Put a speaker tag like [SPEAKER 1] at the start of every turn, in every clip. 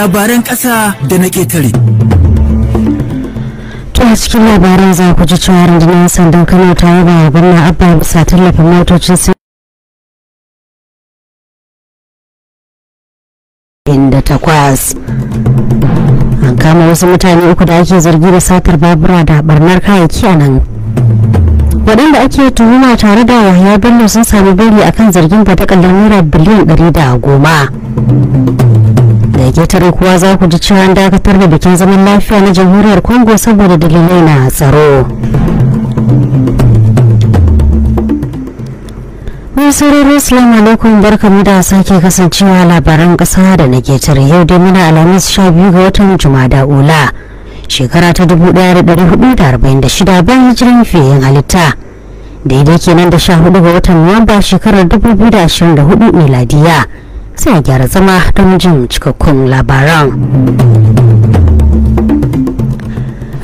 [SPEAKER 1] labaran ƙasa da na ƙetare. Tuna cikin labaran za ku ji cewa rundunar sandan kano ta yaba wa gwamna abba bisa tallafin motocin inda takwas an kama wasu mutane uku da ake zargi da satar babura da barnar kayayyaki a nan waɗanda ake tuhuma tare da yahaya bello sun sami bari akan zargin fatakallar naira biliyan ɗari da goma daga kuwa za ku ji cewa an dakatar da bikin zaman lafiya na jamhuriyar congo saboda dalilai na tsaro Mun sarari Assalamu alaikum barkamu da sake kasancewa labaran kasa da na ketare yau dai muna alhamis biyu ga watan Jumada Ula shekara ta 1446 bayan hijiran fiyen halitta daidai kenan da 14 ga watan Nuwamba shekarar 2024 miladiya. sai a gyara zama don jin cikakkun labaran.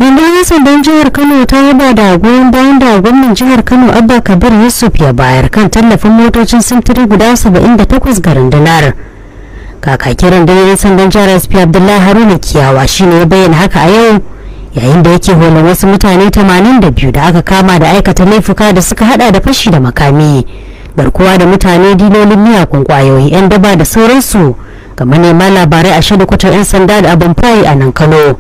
[SPEAKER 1] rundunar sandan jihar kano ta yaba da goyon bayan da gwamnan jihar kano abba kabir yusuf ya bayar kan tallafin motocin sintiri guda 78 ga rundunar kakakin rundunar sandan jihar sp abdullahi haruna kiyawa shine ya bayyana haka a yau yayin da yake holin wasu mutane 82 da aka kama da aikata laifuka da suka hada da fashi da makami barkuwa da mutane dilolin miyakun kwayoyi 'yan daba da sauransu ga manema labarai a kwatar 'yan sanda da abin fayi a nan kano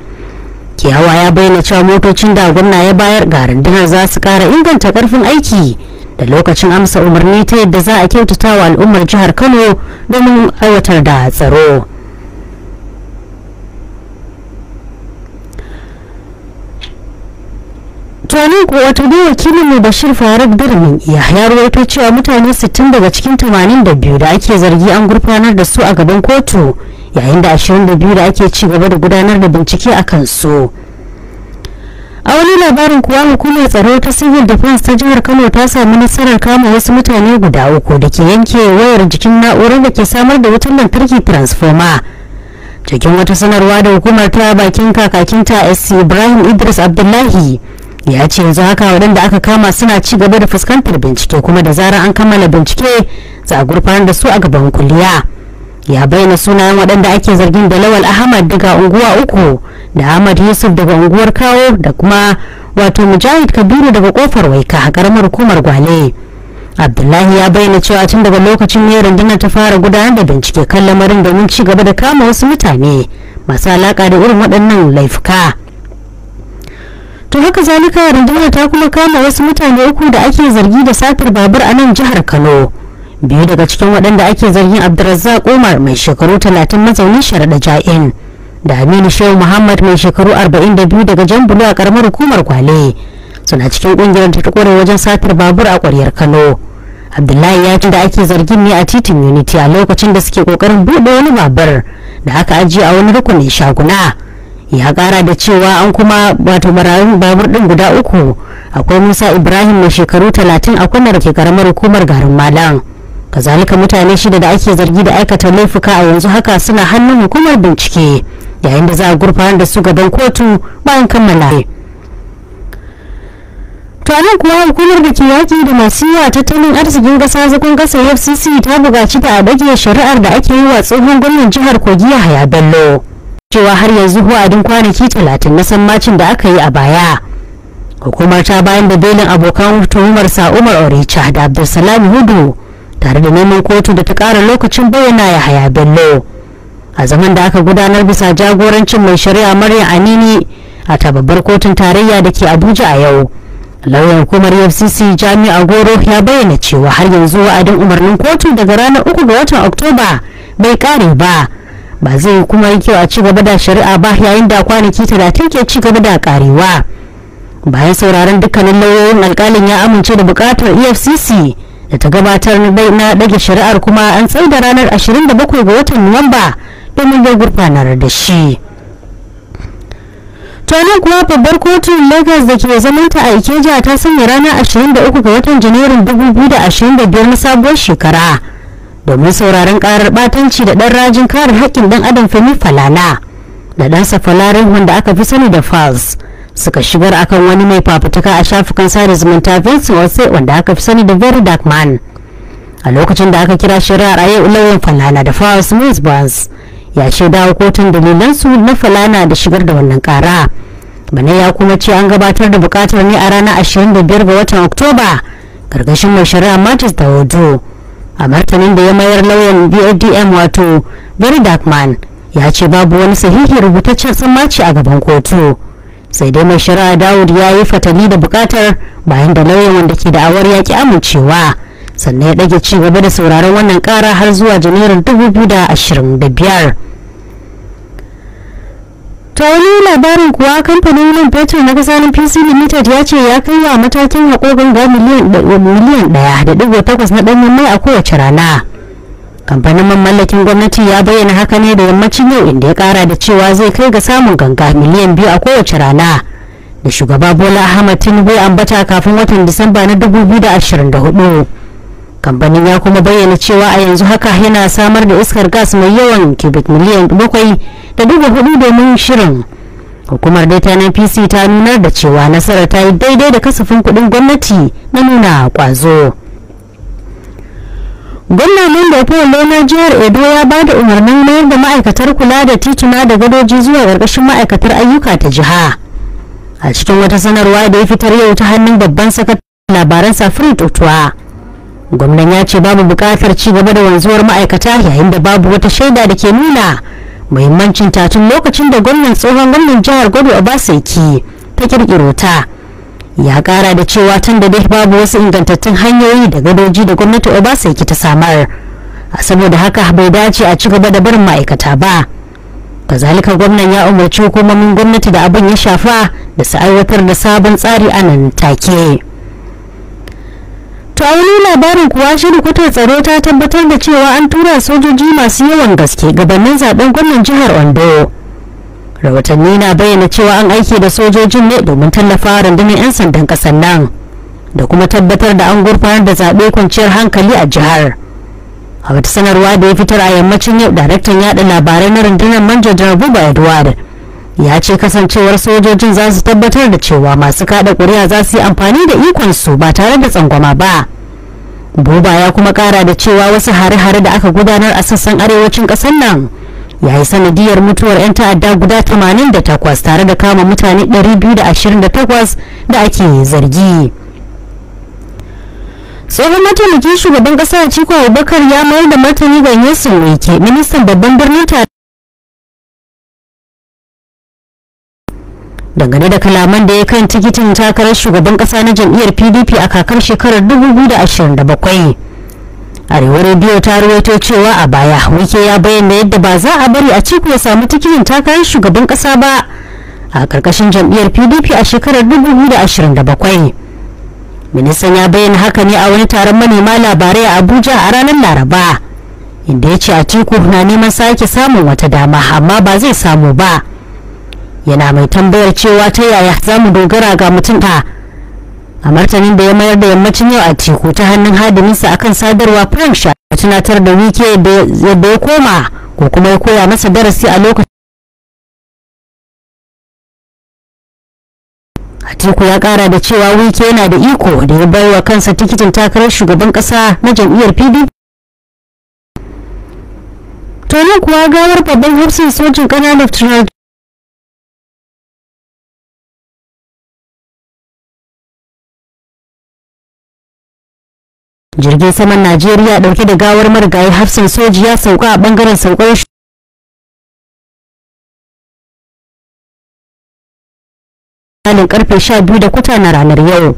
[SPEAKER 1] kiyawa ya bayyana cewa motocin da gwamna ya bayar ga rundunar za su kara inganta karfin aiki da lokacin amsa umarni ta yadda za a kyautata wa al'ummar jihar kano domin aiwatar da tsaro mutanen ni kuwa wakilin mu Bashir Faruk Birnin ya ya rawaito cewa mutane 60 daga cikin 82 da ake zargi an gurfanar da su a gaban kotu yayin da 22 da ake ci gaba da gudanar da bincike a kansu. a wani labarin kuwa hukumar tsaro ta civil defense ta jihar kano ta samu nasarar kama wasu mutane guda uku da ke yanke wayar jikin na'urar da ke samar da wutar lantarki transformer cikin wata sanarwa da hukumar ta bakin kakakinta sc ibrahim idris abdullahi ya ce yanzu haka waɗanda aka kama suna ci gaba da fuskantar bincike kuma da zarar an kammala bincike za a gurfanar da su a gaban kuliya ya bayyana sunayen waɗanda ake zargin da lawal ahmad daga unguwa uku da ahmad yusuf daga unguwar kawo da kuma wato mujahid kabiru daga kofar waika a karamar hukumar gwale abdullahi ya bayyana cewa tun daga lokacin ne rundunar ta fara gudanar da bincike kan lamarin domin ci gaba da kama wasu mutane masu alaka da irin waɗannan laifuka. to haka zalika rundunar ta kuma kama wasu mutane uku da ake zargi da satar babur a nan jihar kano biyu daga cikin waɗanda ake zargin abdulrazzaq umar mai shekaru talatin mazaunin sharaɗa ja'in da aminu shehu muhammad mai shekaru arba'in da biyu daga jan bulu a karamar hukumar kwale suna cikin ƙungiyar da ta ƙware wajen satar babur a ƙwaryar kano abdullahi ya ce da ake zargin ne a titin unity a lokacin da suke ƙoƙarin buɗe wani babur da aka ajiye a wani rukunin shaguna ya kara da cewa an kuma wato barayin babur din guda uku akwai musa ibrahim mai shekaru talatin a kunnar ke karamar hukumar garin malam kazalika mutane shida da ake zargi da aikata laifuka a yanzu haka suna hannun hukumar bincike yayin da za a gurfanar da su gaban kotu bayan kammala taron kuwa hukumar da ke yaki da masu yawa tattalin arzikin kasa zagon kasa fcc ta buƙaci da a bage shari'ar da ake yi wa tsohon gwamnan jihar kogi yahaya bello cewa har yanzu wa'adin kwanaki talatin na sammacin da aka yi a baya hukumar ta bayan da belin abokan tuhumarsa umar oricha da abdulsalam hudu tare da neman kotu da ta kara lokacin bayyana ya haya bello a zaman da aka gudanar bisa jagorancin mai shari'a maryam anini a ta babbar kotun tarayya da ke abuja a yau lauyan hukumar fcc jami'a goro ya bayyana cewa har yanzu wa'adin umarnin kotu daga ranar uku ga watan oktoba bai kare ba ba zai kuma yi kyau a ci gaba da shari'a ba yayin da kwanaki talatin ke ci gaba da karewa bayan sauraron dukkanin lauyoyin alkalin ya amince da bukatar efcc da ta gabatar na dage shari'ar kuma an tsar da ranar 27 ga watan nuwamba domin ya gurfanar da shi tonin kuwa babbar kotun lagos da ke zamanta a ikeja ta sanya ranar 23 ga watan janairun 2025 na sabuwar shekara domin sauraron karar batanci da ɗan rajin kare haƙƙin dan adam femi falana da ɗansa falarin wanda aka fi sani da fals suka shigar akan wani mai fafutuka a shafukan sada zumunta vincent wasse wanda aka fi sani da very dark man a lokacin da aka kira shirya a yau lauyan falana da fals bars ya ce dawo kotun dalilansu na falana da shigar da wannan kara bane ya kuma ce an gabatar da bukatar ne a ranar 25 ga watan oktoba gargashin mai shari'a matis da hodo a martanin da ya mayar lauyan bldm wato gary darkman ya ce babu wani sahihi rubutaccen sammaci a gaban kotu sai dai mai shari'a dawud ya yi fatali da bukatar bayan da lauyan wanda ke da'awar ya ki amincewa sannan ya ɗage ci gaba da sauraron wannan ƙara har zuwa janairun 2025 ta wani labarin kuwa kamfanin yin fetur na kasa na pc limited ya ce ya kai wa matakin haƙo ganga miliyan ɗaya da ɗigo takwas na ɗanyen mai a kowace rana kamfanin mamallakin gwamnati ya bayyana haka ne da yammacin yau inda ya kara da cewa zai kai ga samun ganga miliyan biyu a kowace rana da shugaba bola ahmad tinubu ambata kafin watan disamba na 2024 kamfanin ya kuma bayyana cewa a yanzu haka yana samar da iskar gas mai yawan cubic miliyan bakwai ta duba kuɗi domin shirin hukumar dai ta PC ta nunar da cewa nasarar ta yi daidai da kasafin kuɗin gwamnati na nuna kwazo gwamna mamba paul na jihar edo ya ba da umarnin mayar da ma'aikatar kula da tituna da gadoji zuwa ƙarƙashin ma'aikatar ayyuka ta jiha a cikin wata sanarwa da ya fitar yau ta hannun babban sakataren labaran safirin tutuwa gwamnan ya ce babu buƙatar ci gaba da wanzuwar ma'aikata yayin da babu wata shaida da ke nuna muhimmancin ta tun lokacin da gwamnan tsohon gwamnan jihar Gobe Obaseki ta kirkiro ta ya kara da cewa tun da dai babu wasu ingantattun hanyoyi da gadoji da gwamnati Obaseki ta samar a saboda haka bai dace a ci gaba da barin ma'aikata ba kazalika gwamnan ya umarci hukumomin gwamnati da abin ya shafa da su aiwatar da sabon tsari a nan take. To labarin kuwa kwatar tsaro ta tabbatar da cewa an tura sojoji masu yawan gaske gabanin zaben gwamnan jihar Ondo. Rahotanni na bayyana cewa an aiki da sojojin ne domin tallafa rundunar 'yan sandan kasar nan da kuma tabbatar da an gurfanar da zaɓe kwanciyar hankali a jihar. A wata sanarwa da ya fitar a yammacin yau daraktan yaɗa labarai na rundunar jarabu Buba Edward. ya ce kasancewar sojojin za su tabbatar da cewa masu kada ƙuri'a za su yi amfani da ikonsu ba tare da tsangwama ba buba ya kuma kara da cewa wasu hare-hare da aka gudanar a sassan arewacin ƙasar nan ya yi sanadiyar mutuwar 'yan ta'adda guda 88 tare da kama mutane 228 da ake zargi tsohon mataimakin shugaban ƙasa a ciko abubakar ya mayar da martani ga yesu wike ministan babban birnin dangane da kalaman da ya kan tikitin takarar shugaban kasa na jam'iyyar pdp a kakar shekarar 2027 arewa rediyo ta ruwaito cewa a baya wike ya bayyana yadda ba za a bari a ciku ya samu tikitin takarar shugaban kasa ba a karkashin jam'iyyar pdp a shekarar 2027 ministan ya bayyana haka ne a wani taron manema labarai a abuja a ranar laraba inda ya ce a ciku na neman sake samun wata dama amma ba zai samu ba yana mai tambayar cewa ta yaya za mu dogara ga mutum ta a martanin da ya mayar da yammacin yau a teku ta hannun hadiminsa akan sadarwa frank sha ya tunatar da wike yadda ya koma ko kuma ya koya masa darasi a lokacin Atiku ya kara da cewa wike yana da iko da ya baiwa kansa tikitin takarar shugaban kasa na jam'iyyar PDP. To kuwa gawar babban hafsin sojin ƙananan jirgin saman najeriya dauke da gawar marigayi hafsan soji ya sauka a bangaren saukar misalin karfe 12 da kuta na ranar yau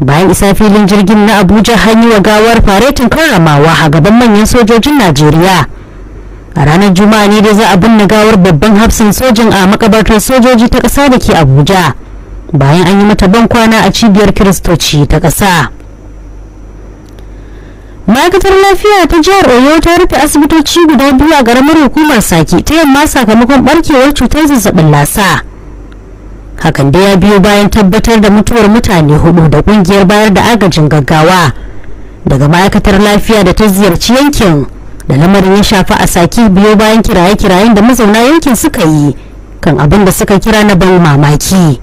[SPEAKER 1] bayan isa filin jirgin na abuja hanyar wa gawar faretin karamawa a gaban manyan sojojin najeriya a ranar juma'a ne da za a binne gawar babban hafsan sojin a makabartar sojoji ta ƙasa da ke abuja bayan an yi mata ban kwana a cibiyar kiristoci ta ƙasa ma'aikatar lafiya ta jihar oyo ta rufe asibitoci guda biyu a garamar hukumar sake ta yamma sakamakon barkewar cutar zazzabin lasa hakan da ya biyo bayan tabbatar da mutuwar mutane hudu da kungiyar bayar da agajin gaggawa daga ma'aikatar lafiya da ta ziyarci yankin da lamarin ya shafi a sake biyo bayan kiraye-kirayen da mazauna yankin suka yi kan abin da suka kira na ban mamaki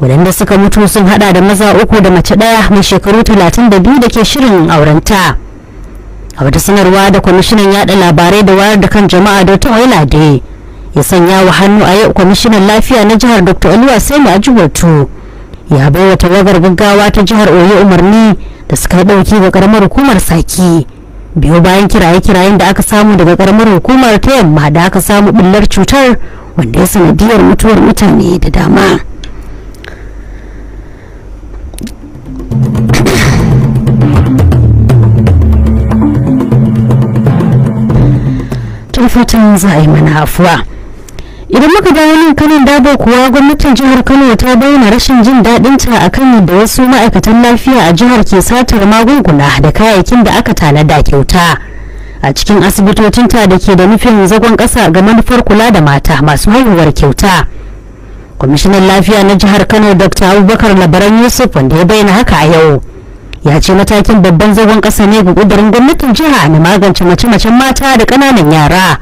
[SPEAKER 1] waɗanda suka mutu sun hada da maza uku da mace ɗaya mai shekaru 32 da ke shirin aurenta a wata sanarwa da kwamishinan yada labarai da wayar da kan jama'a da ta wailade ya sanya wa hannu a yau kwamishinan lafiya na jihar dr aliyu sai mu ajiwatu ya bai wa tawagar gaggawa ta jihar oyo umarni da suka ɗauki ga karamar hukumar saki biyo bayan kiraye-kirayen da aka samu daga karamar hukumar ta yamma da aka samu bullar cutar wanda ya sanadiyar mutuwar mutane da dama. fatan za a yi mana afuwa idan muka dawo nan kanin dabo kuwa gwamnatin jihar kano ta bayyana rashin jin daɗin ta akan yadda wasu ma'aikatan lafiya a jihar ke satar magunguna da kayayyakin da aka tanada kyauta a cikin asibitocinta da ke da nufin zagon ƙasa ga manufar kula da mata masu haihuwar kyauta kwamishinan lafiya na jihar kano dr abubakar labaran yusuf wanda ya bayyana haka a yau ya ce matakin babban zagon ƙasa ne ga ƙudurin gwamnatin jiha na magance mace-macen mata da ƙananan yara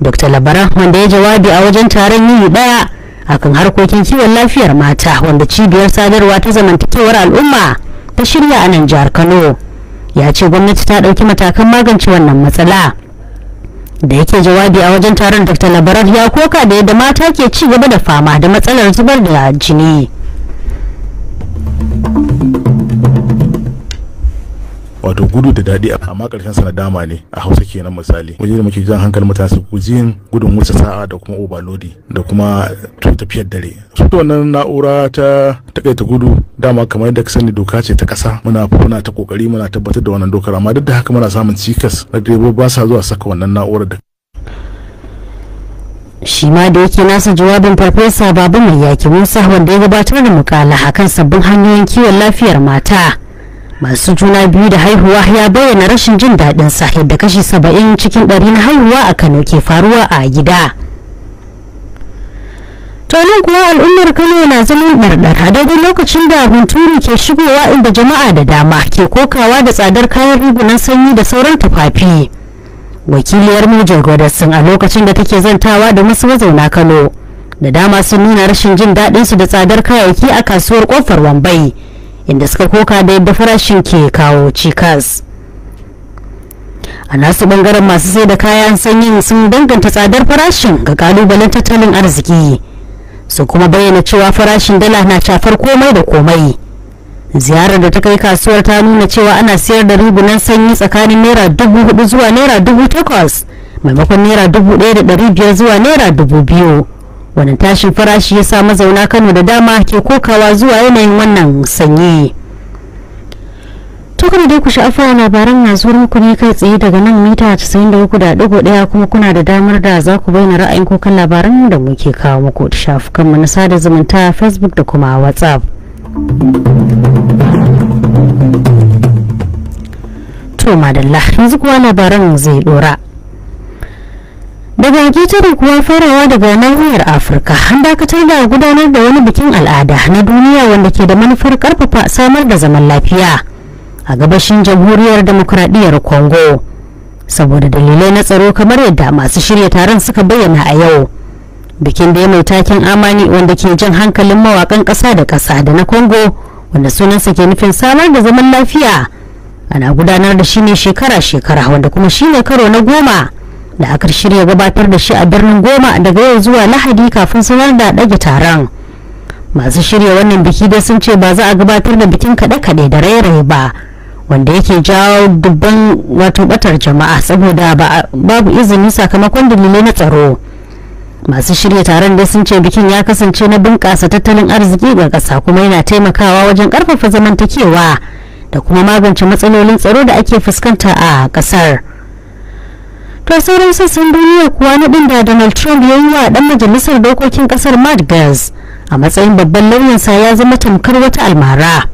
[SPEAKER 1] dr labaran wanda ya jawabi a wajen taron yi ɗaya akan harkokin kiwon lafiyar mata wanda cibiyar sadarwa ta zamantakewar al'umma ta shirya a nan jihar kano ya ce gwamnati ta ɗauki matakan magance wannan matsala da yake jawabi a wajen taron dr labaran ya koka da yadda mata ke ci gaba da fama da matsalar zubar da jini wato gudu da daɗi amma ƙarshen sa na dama ne a hausa kenan misali waje da muke jan hankali mutane su guji gudun wuce sa'a da kuma overloading da kuma tafiyar dare su wannan na'ura ta takaita gudu dama kamar yadda ka sani doka ce ta ƙasa muna muna ta kokari muna tabbatar da wannan dokar amma duk da haka muna samun cikas na direbobi ba sa zuwa saka wannan na'urar da shi ma da yake nasa jawabin farfesa babu mai yaki musa wanda ya gabatar da mukala akan sabbin hanyoyin kiwon lafiyar mata masu juna biyu da haihuwa ya bayyana rashin jin daɗin sa da kashi saba'in cikin ɗari na haihuwa a kano ke faruwa a gida tonin kuwa al'ummar kano na zaman ɗarɗar a daidai lokacin da hunturu ke shigowa inda jama'a da dama ke kokawa da tsadar kayan rigunan sanyi da sauran tufafi wakiliyar mijin godasin a lokacin da take zantawa da masu mazauna kano da dama sun nuna rashin jin daɗinsu da tsadar kayayyaki a kasuwar kofar wambai inda suka koka da yadda farashin ke kawo cikas a nasu bangaren masu sai da kayan sanyi sun danganta tsadar farashin ga kalubalen tattalin arziki su kuma bayyana cewa farashin dala na shafar komai da komai ziyarar da ta kai kasuwar ta nuna cewa ana siyar da rigunan sanyi tsakanin naira dubu hudu zuwa naira dubu takwas maimakon naira dubu ɗaya da ɗari biyar zuwa naira dubu biyu wannan tashin farashi ya sa mazauna kano da dama ke kokawa zuwa yanayin wannan sanyi tukuna da dai ku sha'afa labaran na zuwa ku ne kai tsaye daga nan mita 93.1 kuma kuna da damar da za ku bayyana ra'ayin kokan labaran da muke kawo muku da shafukanmu na sada zumunta facebook da kuma whatsapp to madalla yanzu kuwa labaran zai dora daga baki tare kuwa farawa daga nahiyar afirka an dakatar da gudanar da wani bikin al'ada na duniya wanda ke da manufar karfafa samar da zaman lafiya a gabashin jamhuriyar demokradiyyar congo saboda dalilai na tsaro kamar yadda masu shirya taron suka bayyana a yau bikin da ya mai takin amani wanda ke jan hankalin mawakan ƙasa da ƙasa da na congo wanda sunansa ke nufin samar da zaman lafiya ana gudanar da shi ne shekara-shekara wanda kuma shi ne karo na goma da aka shirya gabatar da shi a birnin goma daga yau zuwa lahadi kafin sanar da ɗage taron masu shirya wannan biki dai sun ce ba za a gabatar da bikin kaɗe-kaɗe da rairaye ba wanda yake jawo dubban wato batar jama'a saboda babu izini sakamakon dalilai na tsaro masu shirya taron da sun ce bikin ya kasance na bunƙasa tattalin arziki ga ƙasa kuma yana taimakawa wajen ƙarfafa zamantakewa da kuma magance matsalolin tsaro da ake fuskanta a ƙasar. to sauran sassan duniya kuwa na da donald trump ya yi wa ɗan majalisar dokokin ƙasar matt a matsayin babban lauyansa ya zama tamkar wata almara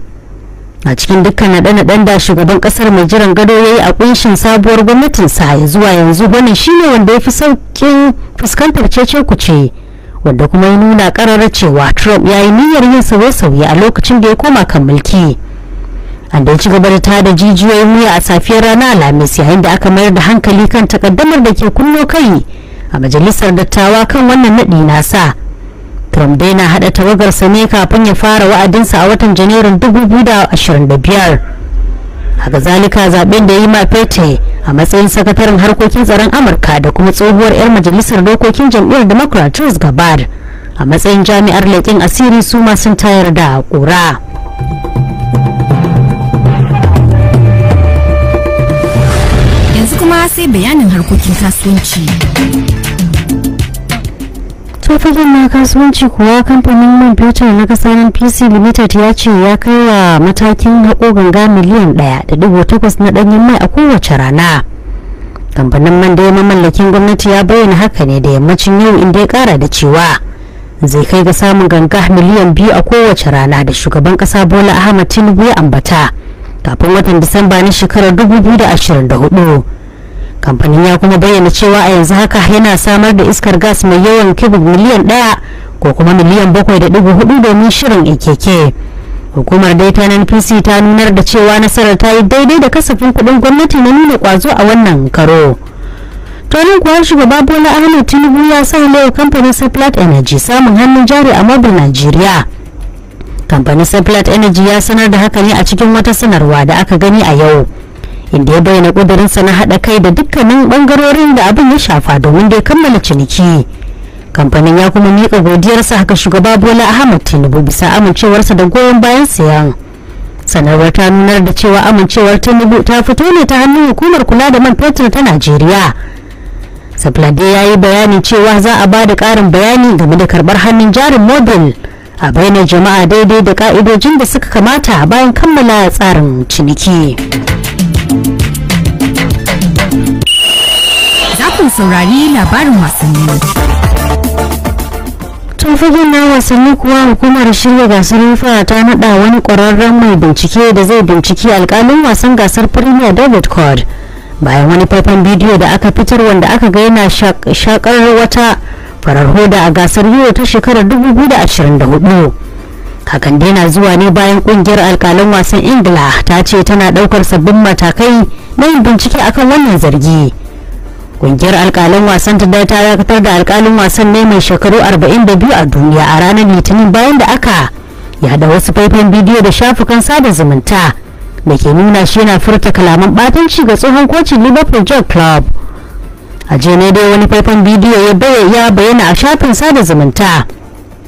[SPEAKER 1] a cikin dukkan naɗe-naɗen da shugaban ƙasar mai jiran gado ya yi a ƙunshin sabuwar gwamnatinsa ya zuwa yanzu wannan shine wanda ya fi saukin fuskantar cece kuce wanda kuma ya nuna ƙararra cewa trump ya yi niyyar yin sauye-sauye a lokacin da ya koma kan mulki. da ci gaba da tada jijiyoyin wuya a safiyar rana alhamis yayin da aka mayar da hankali kan takaddamar da ke kunno kai a majalisar dattawa kan wannan naɗi nasa trump dai na haɗa tawagarsa ne kafin ya fara wa'adinsa a watan janairun 2025 haka zalika zaben da ya yi mafete a matsayin sakataren harkokin tsaron amurka da kuma tsohuwar 'yar majalisar dokokin jam'iyyar democrat gabar a matsayin jami'ar leƙin asiri su ma sun tayar da ƙura kuma sai bayanin harkokin kasuwanci tofilin na kasuwanci kuwa kamfanin man fetur na kasanin pc limited ya ce ya kai wa matakin haƙo ganga miliyan ɗaya da dubu takwas na ɗanyen mai a kowace rana kamfanin man da ya mamallakin gwamnati ya bayyana haka ne da yammacin yau inda ya kara da cewa zai kai ga samun ganga miliyan biyu a kowace rana da shugaban kasa bola ahmad tinubu ya ambata kafin watan disamba na shekarar 2024 kamfanin ya kuma bayyana cewa a yanzu haka yana samar da iskar gas mai yawan cubic miliyan ɗaya ko kuma miliyan bakwai da ɗigo hudu domin shirin keke hukumar dai ta npc ta nunar da cewa nasarar ta yi daidai da kasafin kuɗin gwamnati na nuna kwazo a wannan karo tonin kuwa shugaba bola ahmed tinubu ya sa yau kamfanin seplat energy samun hannun jari a mobil nigeria kamfanin seplat energy ya sanar da haka ne a cikin wata sanarwa da aka gani a yau inda ya bayyana ƙudurinsa na haɗa kai da dukkanin ɓangarorin da abin ya shafa domin da ya kammala ciniki kamfanin ya kuma miƙa godiyarsa haka shugaba bola ahmad tinubu bisa amincewarsa da goyon bayan siyan sanarwar ta nunar da cewa amincewar tinubu ta fito ne ta hannun hukumar kula da man fetur ta najeriya sablade ya yi bayanin cewa za a ba da ƙarin bayani game da karɓar hannun jarin mobil a bainar jama'a daidai da ka'idojin da suka kamata bayan kammala tsarin ciniki. kan saurari labarin wasanni. tun fagen na wasanni kuwa hukumar shirya gasar rufa ta nada wani kwararren mai bincike da zai bincike alkalin wasan gasar premier david cord bayan wani faifan bidiyo da aka fitar wanda aka ga yana shakar wata farar hoda a gasar yiwu ta shekarar 2024 hakan dai na zuwa ne bayan kungiyar alkalin wasan ingila ta ce tana daukar sabbin matakai na yin bincike akan wannan zargi. Ƙungiyar alƙalan wasan ta da ta dakatar da alkalin wasan ne mai shekaru 42 a duniya a ranar Litinin bayan da aka yada wasu faifan bidiyo da shafukan sada zumunta da ke nuna shi yana furta kalaman batanci ga tsohon kocin Liverpool jack Club. A ne dai wani faifan bidiyo ya bayyana a shafin sada zumunta.